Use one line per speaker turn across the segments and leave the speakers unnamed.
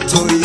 you.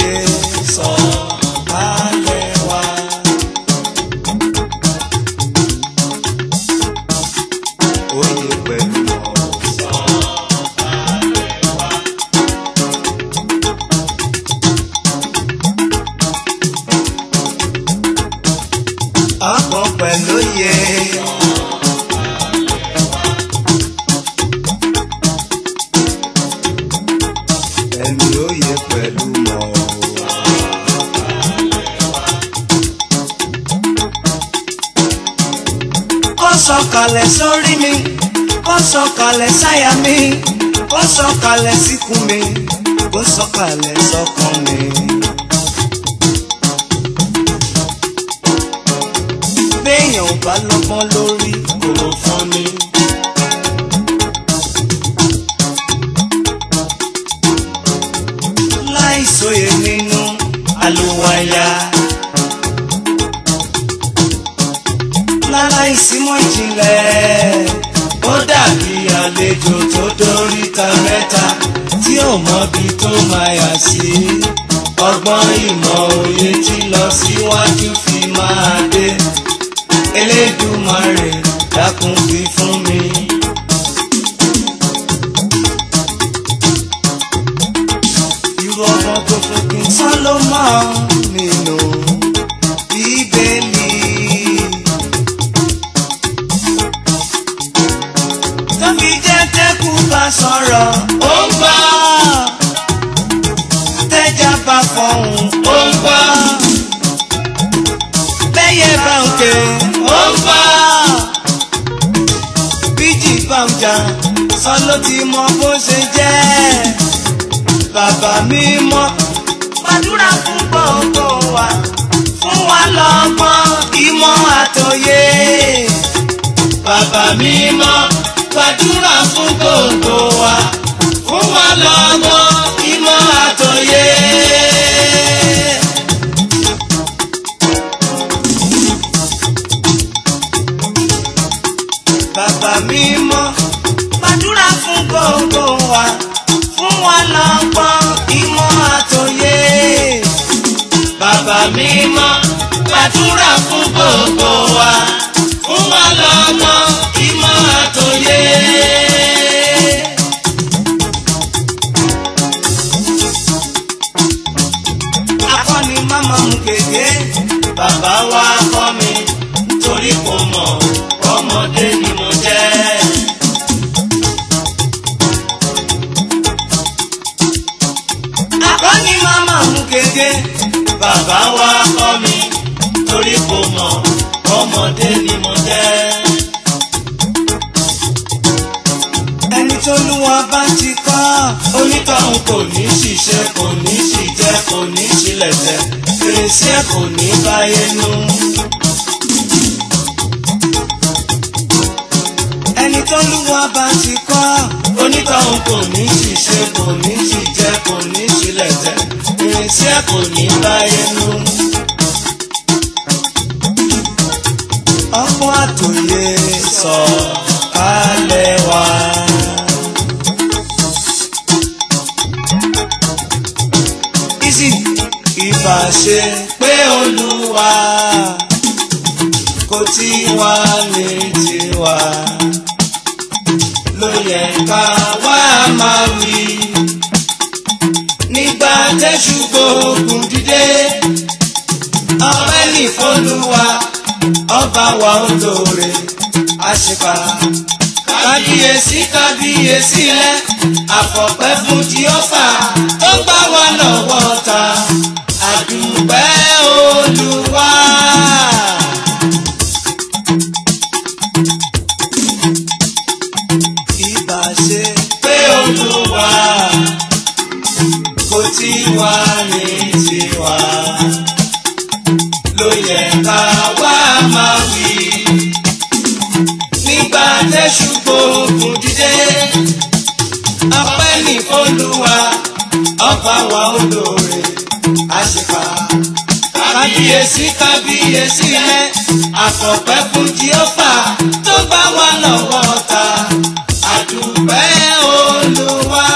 bá lọ́gbọ́n ló. ìjà sọ́n ló ti mọ bó ṣe jẹ́ bàbá mi mọ́. gbàdúrà fún gbogbo wa fún wa lọ́gbọ́n ìmọ̀ àtòyé bàbá mi mọ́ gbàdúrà fún gbogbo wa fún wa lọ́gbọ́n ìmọ̀ àtòyé. gbàdúrà fún gbogbo wa fún wa lọ́mọ ìmọ̀ àtòyé. akọni mama mu gègé bàbá wa kọ́ mi torí kò mọ̀ ọmọdé ni mo jẹ́. akọni mama mu gègé bàbá wa kọ́ mi torí kò mọ̀ ọmọdé ni mo jẹ́. ẹni tó lúwa bá ti kọ́ onítọ̀hún kò ní ṣiṣẹ́ kò ní ṣìjẹ́ kò ní ṣílẹ̀jẹ́ fèrèsé kò ní báyé nú. ẹni tó lúwa bá ti kọ́ onítọ̀hún kò ní ṣiṣẹ́ kò ní ṣìjẹ́ kò ní ṣílẹ̀jẹ́ fèrèsé kò ní báyé nú. ọmọ àtòyè sọ alẹ́ wa. ìsì ìbàṣe pé olúwa kò tí wá lè tiwa ló yẹ ká wá máa wí. bá wa ń lóore àṣìpà. kábíyèsí kábíyèsí lẹ àfọ̀pẹ́ fún Jèhófà tó gbà wá lọ́wọ́ ta àdúpẹ́ Olúwa. ìbá ṣe tiwa ló yẹ máa wí. Nígbà tẹ́ṣù gbòògùn dídé, ọpẹ́ ní Olúwa, ọ̀pá wa olóore, àṣìfà. Kábíyèsí kábíyèsí rẹ̀, àfọ̀pẹ́ fún Jèhófà tó bá wà lọ́wọ́ ọ̀tá. Àdùpẹ́ Olúwa.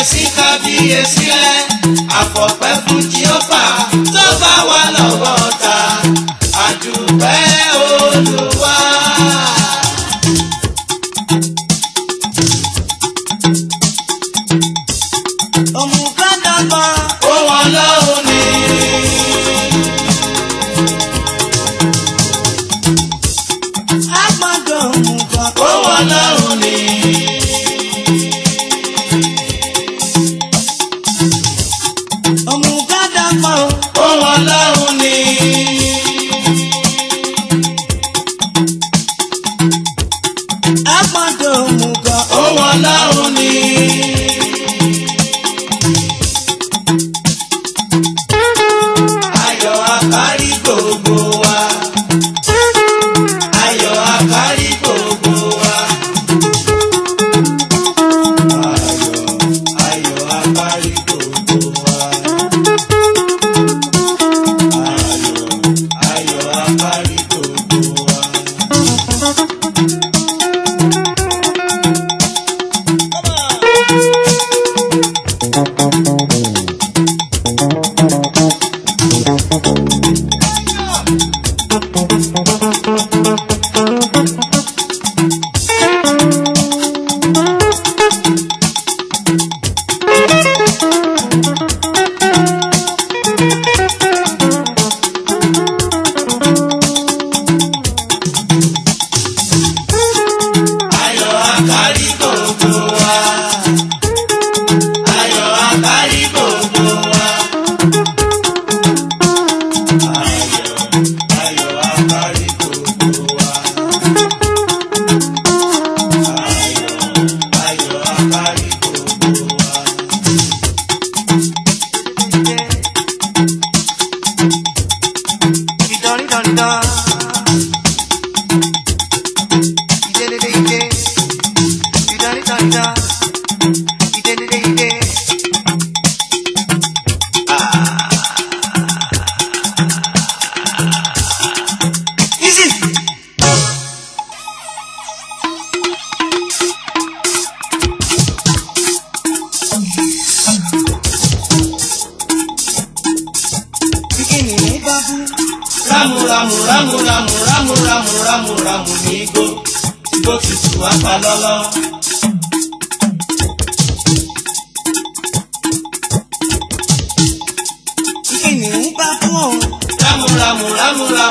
kábíyèsí kábíyèsí rẹ àfọ̀pẹ́ fún jíọ́fà tó bá wà lọ́wọ́ ta àdùpẹ́ olùwà.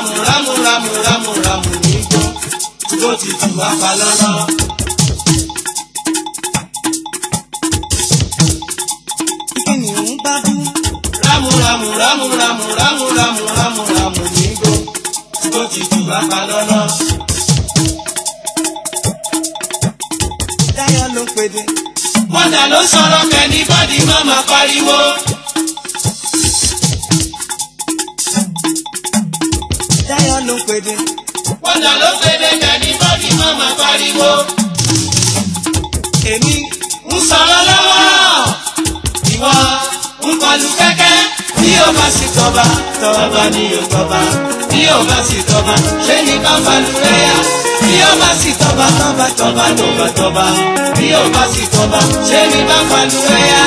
ramù ramù ramù ramù ramù nígbó ló ti tù wá pa lọ́lọ́. kìnìún bá bú. ramù ramù ramù ramù ló ti tù wá bá tọ́ba ló bá tọ́ba bí ó bá sì tọ́ba ṣé ní bá pàlú ẹ̀yà.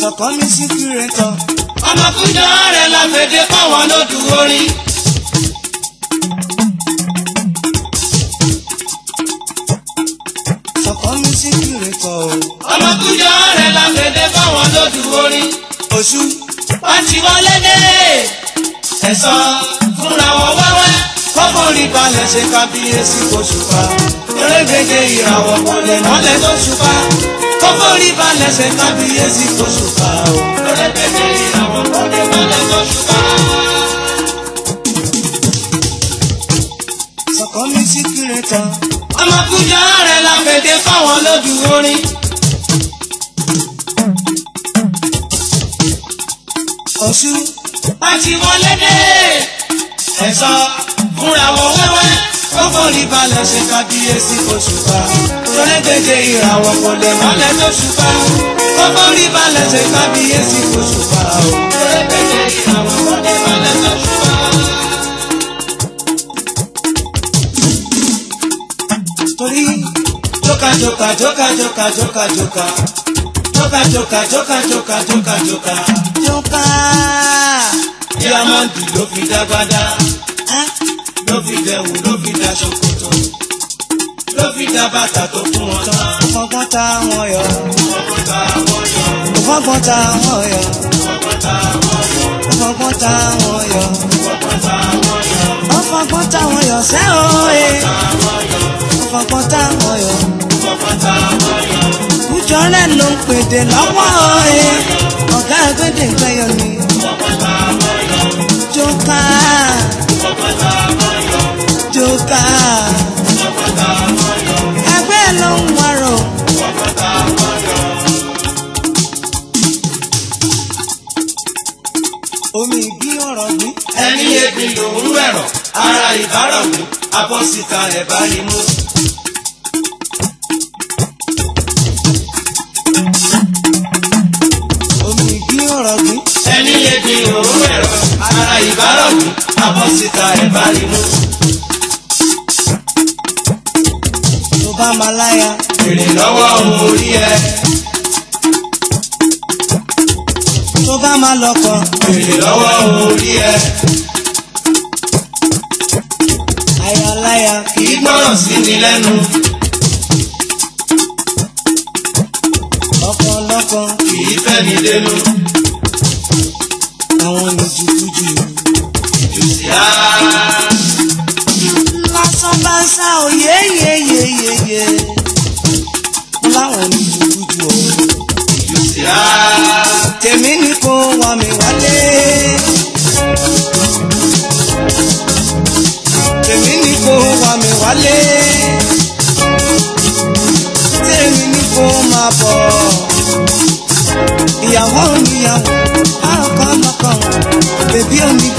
sọ̀kọ́ mi sí kúrẹ́ tán. ọmọkùnjọ́ rẹ̀ la fèdè pọ̀wọ́n ló dùn orí. sọ̀kọ́ mi sí kúrẹ́ la fèdè pọ̀wọ́n ló dùn orí. oṣù. wọ́n ti wọlé dé ẹ̀sán
fúnra wọn wẹ́wẹ́
kọ́kànlí balẹ̀ ṣe kábíyèsí kò ṣùpá erégbèdè ìràwọ̀ mọ̀lẹ̀ mọ́lẹ̀ tó ṣùpá kọ́kànlí balẹ̀ ṣe kábíyèsí kò ṣùpá erégbèdè ìràwọ̀ mọ̀lẹ̀ mọ́lẹ̀ tó ṣùpá. sọ̀kọ́ mi sí kírètà ọmọkùnjọ́ rẹ̀ la fèdè fáwọn lójú orin. Oṣù pàṣẹ wọn lédè ẹ̀sọ́ fúnra wọn wẹ́wẹ́ ó forí balẹ̀ ṣe kábíyèsí òṣùpá tọ́lẹ́gbẹ̀dẹ̀ ìràwọ̀ kò lè mọ́lẹ̀ tó ṣùpá ó forí balẹ̀ ṣe kábíyèsí òṣùpá o tọ́lẹ́gbẹ̀dẹ̀ ìràwọ̀ kò lè mọ́lẹ̀ tó ṣùpá. torí jókàjókà jókàjókà jókàjókà jókàjókà ló ká. díámọ́ǹdì ló fi dágbádá ló fi dẹ̀wù ló fi dá ṣòkòtò ló fi dá bàtà tó fún wọn tán. ọgbọ́n ta wọn yọ. ọgbọ́n ta wọn yọ. ọgbọ́n ta wọn yọ. ọgbọ́n ta wọn yọ. ọgbọ́n ta wọn yọ. ọgbọ́n ta wọn yọ. ọgbọ́n ta wọn yọ sẹ́wọ̀n. ọgbọ́n ta wọn yọ. ọgbọ́n ta wọn yọ. ọgbọ́n ta wọn yọ jọ́rẹ́ ló ń pèdè lọ́wọ́ ẹ ọ̀gá agbẹ́dẹ̀ gbẹ́yọ ni. Joka Joka ẹgbẹ́ ló ń wọ̀rọ̀. Omi bí ọ̀rọ̀ mi. Ẹni ebi lòún rẹ̀rọ̀, ara ìbárọ̀ mi, abọ́síta ẹ̀ bá imú. ara ìbáràwù abọ́ síta ẹ̀ bá rí mú. tó bá máa láya. èrè lọ́wọ́ òun orí ẹ. tó bá máa lọ́kọ. èrè lọ́wọ́ òun orí ẹ. àyàláyà. kì í gbọ́ràn sí ni lẹ́nu. ọkọ lọ́kọ. kì í fẹ́ ni lẹ́nu àwọn lùjìlùjì. lásán bá ń sá òye yeyeyeye láwọn lùjìlùjì ọ̀hún. tèmi ni kò wà mí wálé. tèmi ni kò wà mí wálé. tèmi ni kò máa bọ̀ ìyàwó níyàwó. the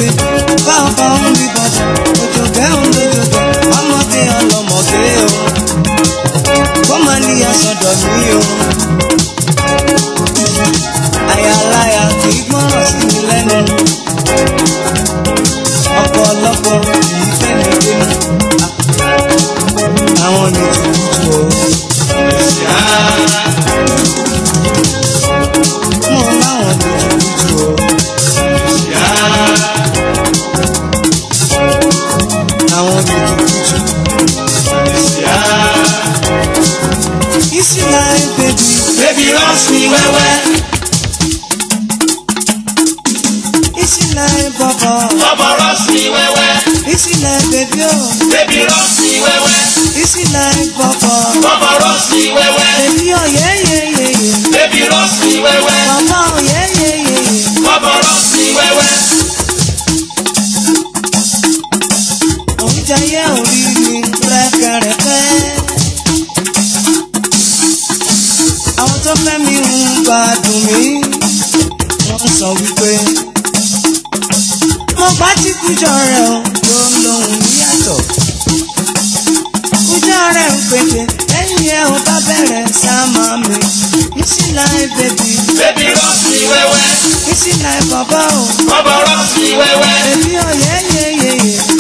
sí láì bọ̀bọ̀ o. bọ́bọ̀ rọ́ọ̀sì wẹ́wẹ́. bèbí òye yeye.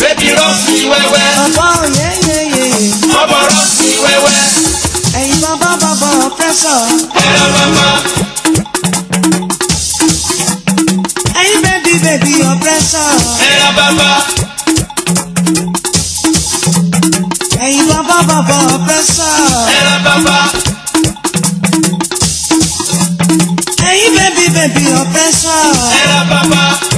bèbí rọ́ọ̀sì wẹ́wẹ́. bọ̀bọ̀ òye yeye. bọ́bọ̀ rọ́ọ̀sì wẹ́wẹ́. ẹ̀yin bọ́bọ̀ bọ́bọ̀ pẹ́sọ̀. ẹ̀rọ bọ́bọ̀. ẹ̀yin bẹ́bí bẹ́bí ọ̀pẹ́sọ̀. ẹ̀rọ bọ́bọ̀. ẹ̀yin bọ́bọ̀ bọ́bọ̀ pẹ́sọ̀. baby, your best pressure. Hello, Papa.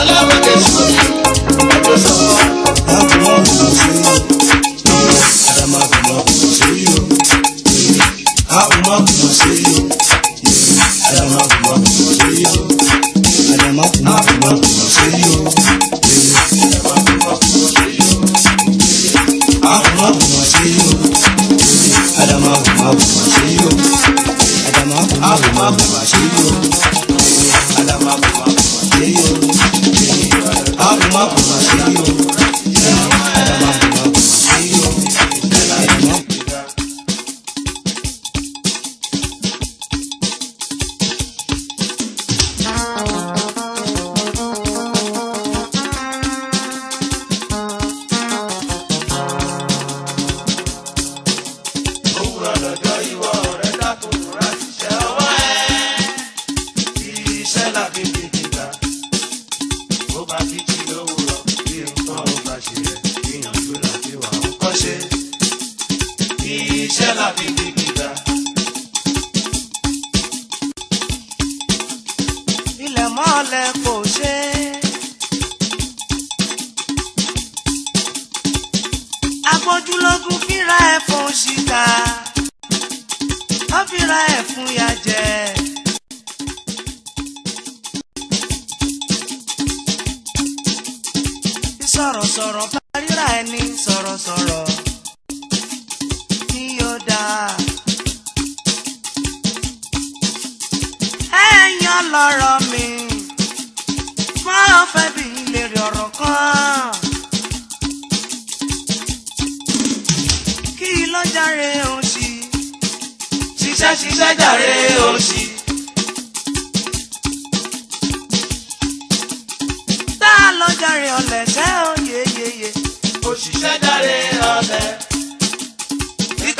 ọlọ́wọ́ kẹsùn.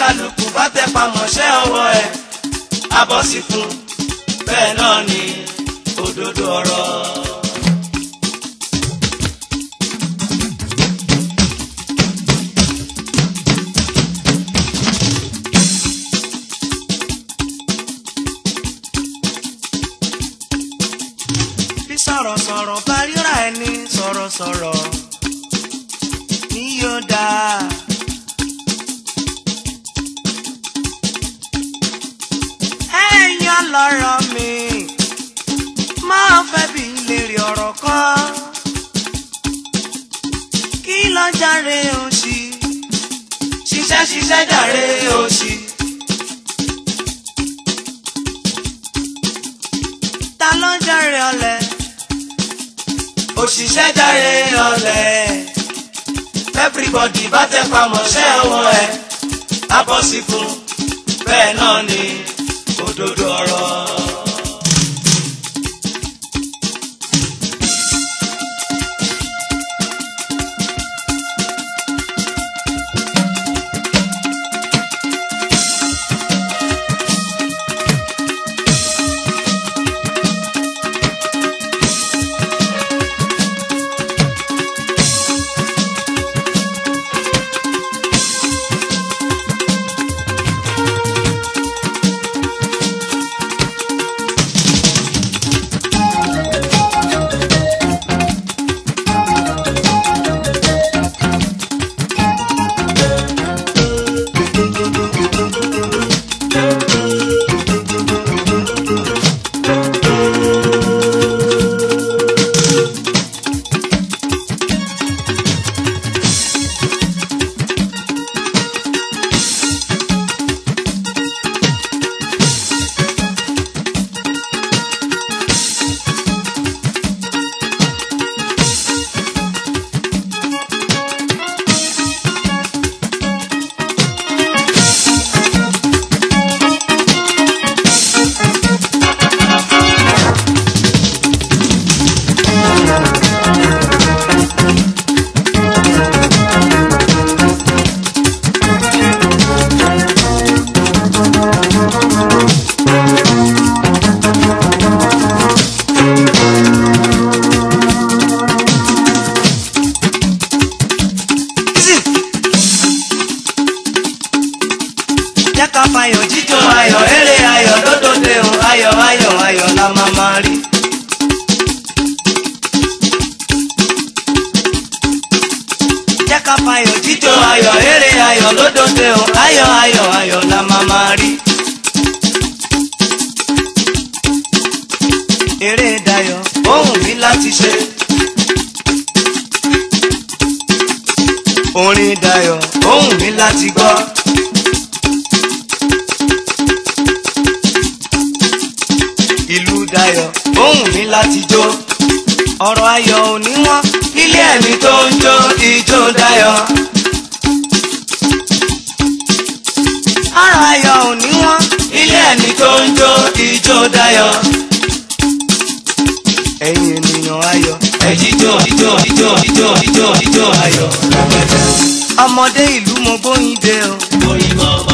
kálukú bá tẹ pamọ́ṣẹ́ ọwọ́ ẹ̀ abọ́ sí fún bẹ́ẹ̀ náà ni òdodo ọ̀rọ̀. bí sọ̀rọ̀sọ̀rọ̀ bá ríra ẹni sọ̀rọ̀sọ̀rọ̀ ni yóò dáa. ṣiṣẹ́ jàre òṣì. ta ló ń jàre ọ̀lẹ òṣìṣẹ́ jàre ọ̀lẹ everybody bá tẹ pamọ́ ṣẹ́ ọwọ́ ẹ̀ abọ́sí fún bẹ́ẹ̀ náà ni òdodo. orin dayọ̀ ohùn mi láti gbọ́. ìlú dayọ̀ ohùn mi láti jó ọ̀rọ̀ ayọ̀ oníwọ̀n nílé ẹni tó ń jó ijó dayọ̀. ọ̀rọ̀ ayọ̀ oníwọ̀n nílé ẹni tó ń jó ijó dayọ̀. ẹ̀yin ẹ̀jíjọ́ ìjọ́ ìjọ́ ìjọ́ ìjọ́ ìjọ́ ayọ̀ lágbàjá. ọmọdé ìlú mọ bóyin dé o. bóyin mọ ọmọ.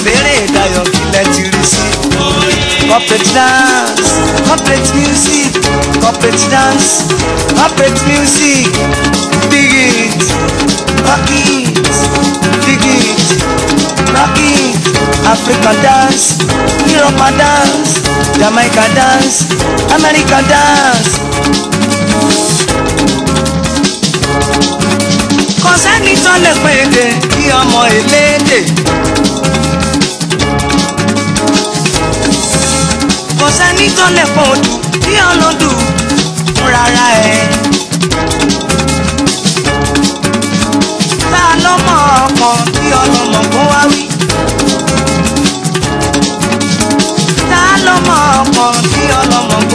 abẹ́rẹ́ ìdayọ̀ kílẹ̀ ti rí sí. corporate dance corporate music corporate dance corporate music dig it rock it dig it rock it african dance europe dance jamaica dance america dance. kò sẹ́ni tó lè pèdè kí ọmọ elédè. sẹ́ni tó lè pọ̀ ojú tí ọ̀nà dùn fún rárá ẹ̀. tá a lọ mọ ọkàn tí ọlọmọ kó wá wí. tá a lọ mọ ọkàn tí kó wá wí.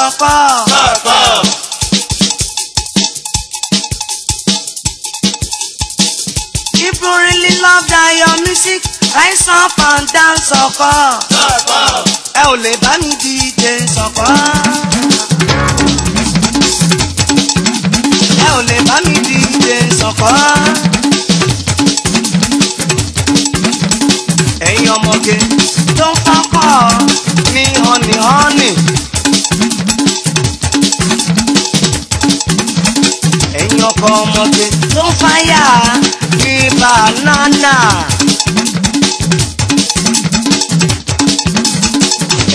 lọ́kọ́. Lọ́kọ́. People really love that your music rise up and dance sọ̀kọ́. Lọ́kọ́. Ẹ ò lè bá mi DJ sọ̀kọ́. Ẹ ò lè bá mi DJ sọ̀kọ́. Ẹ̀yin ọmọge tó ń pápá ní hànìhànì. nǹkan ọmọdé ló fáyà bí bànánà.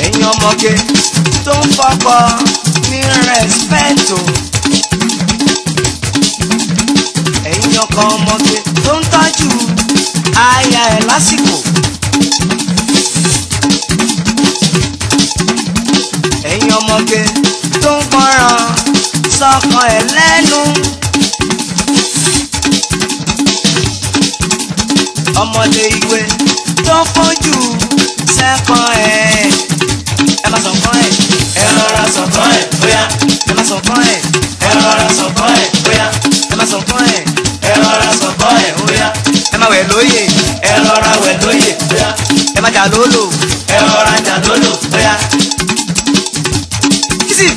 ẹ̀yin ọmọge tó ń fọpọ̀ ní rẹ́spẹ̀tò. ẹ̀yin ọkọ ọmọge tó ń tọ́jú aya ẹ̀ lásìkò. ẹ̀yin ọmọge tó ń gbọ́ràn sọ́kàn ẹ̀ lẹ́nu. ọmọdé ìwé tó fojú sẹ́kàn ẹ̀. ẹ má sọ̀kan ẹ̀. ẹ rọra sọ̀kan ẹ̀ bóyá. ẹ má sọ̀kan ẹ̀. ẹ rọra sọ̀kan ẹ̀ bóyá. ẹ má sọ̀kan ẹ̀. ẹ rọra sọ̀kan ẹ̀ bóyá. ẹ má wẹ̀ lóye. ẹ rọra wẹ̀ lóye bóyá. ẹ má jà lólò. ẹ rọra jà lólò bóyá. kìsì.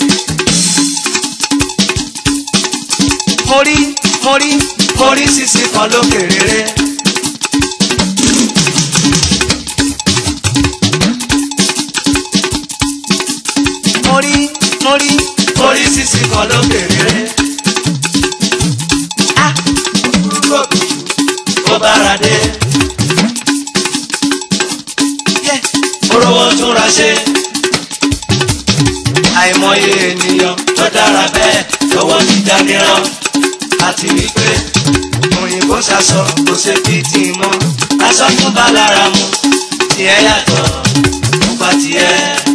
mo rí mo rí mo rí sisi kan lókè rere. mìíràn àti wípé òyìnbó ṣaṣọ kò ṣe bí ti mọ́ aṣọ tó bá lára mu tiẹ̀ yàtọ̀ nípa tiẹ̀.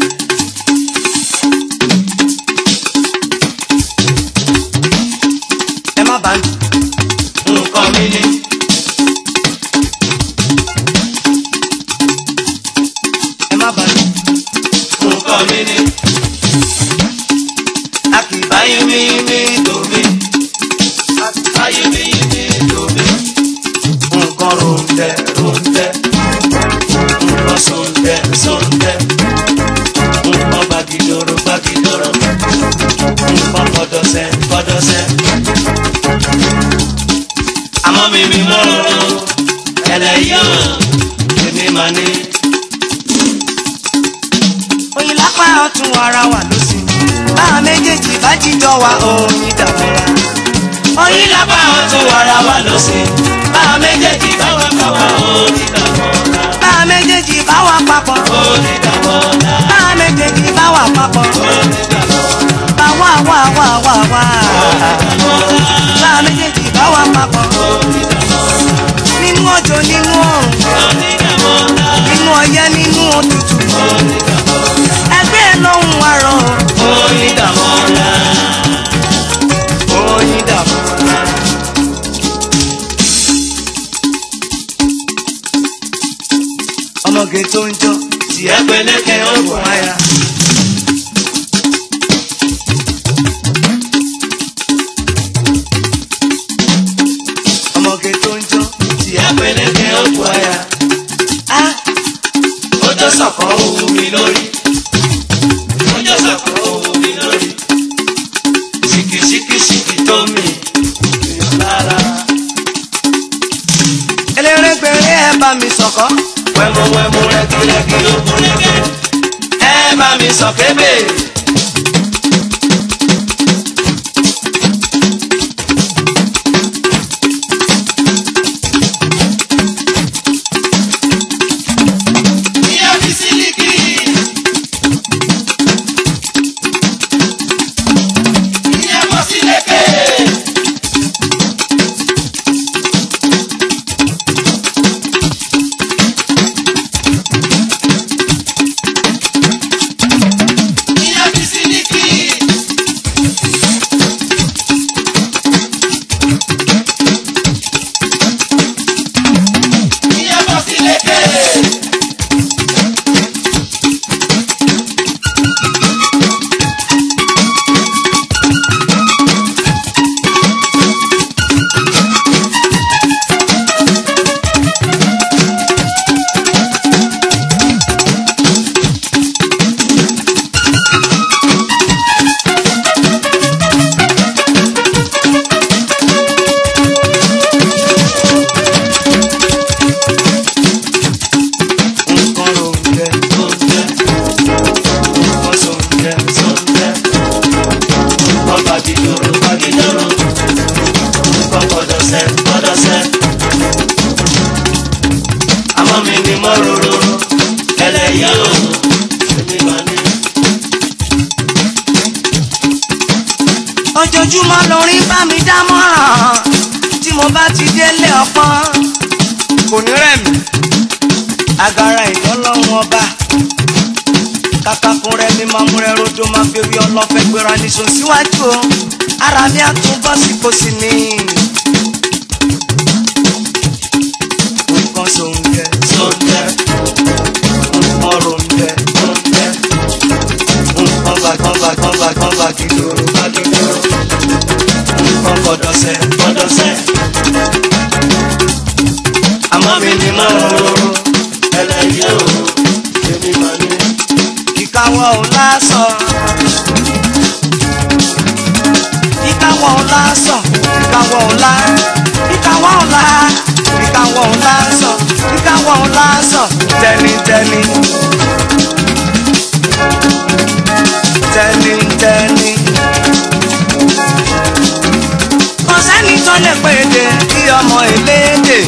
Sunde, runde, o sunde, sunde, o bagidoro, bagidoro, o podose, podose. Àmọ́ mi mi mọ́ ẹlẹ́yọ̀ èmi mà ní. Oyin lápá ọ̀tún ara wà lósì, báwa méjèèjì bá jíjọ wa oyin dàbọ̀ra. Oyin lápá bàbá ó ti dàbọ̀ ọ̀la. bá a méjèèjì bá wà papọ̀. ó ti dàbọ̀ ọ̀la. bá a méjèèjì bá wà papọ̀. ó ti dàbọ̀ ọ̀la. bá wà wà wà wà wà. ó ti dàbọ̀ ọ̀la. bá a méjèèjì bá wà papọ̀. ó ti dàbọ̀ ọ̀la. nínú ọjọ́ nínú. el que ojo mo bá ti délé ọpọ́n kò ní rẹ̀ agara ìtọ́lọ́run ọba kakakun rẹ mi máa mú rẹ rojo máa fi orí ọlọ́fẹ́ gbéra níṣó síwájú o ara mi àtún bọ́sì kò sì ní. nǹkan sóúnjẹ sóúnjẹ nǹkan róúnjẹ róúnjẹ nǹkan bàgbọ́n bàgbọ́n mọ́ mi ní mọ́ o ẹlẹ́yẹ o èmi mọ̀ ni kíkáwọ́ ò lásán kíkáwọ́ ò lásán kíkáwọ́ ò lá kíkáwọ́ ò lá kíkáwọ́ ò lásán kíkáwọ́ ò lásán tẹnitẹni tẹnitẹni. kò sẹ́ni tó lè pèdè kí ọmọ elédè.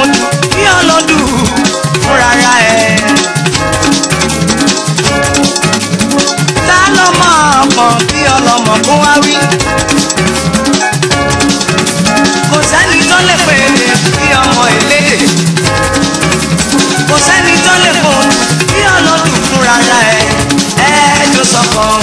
ọlọ́run kí ọlọ́dún fúnra ra ẹ̀. ta lọ́mọ ọmọ kí ọlọ́mọ kó wá wí. kò sẹ́ni tó lè pè é kí ọmọ eléyè. kò sẹ́ni tó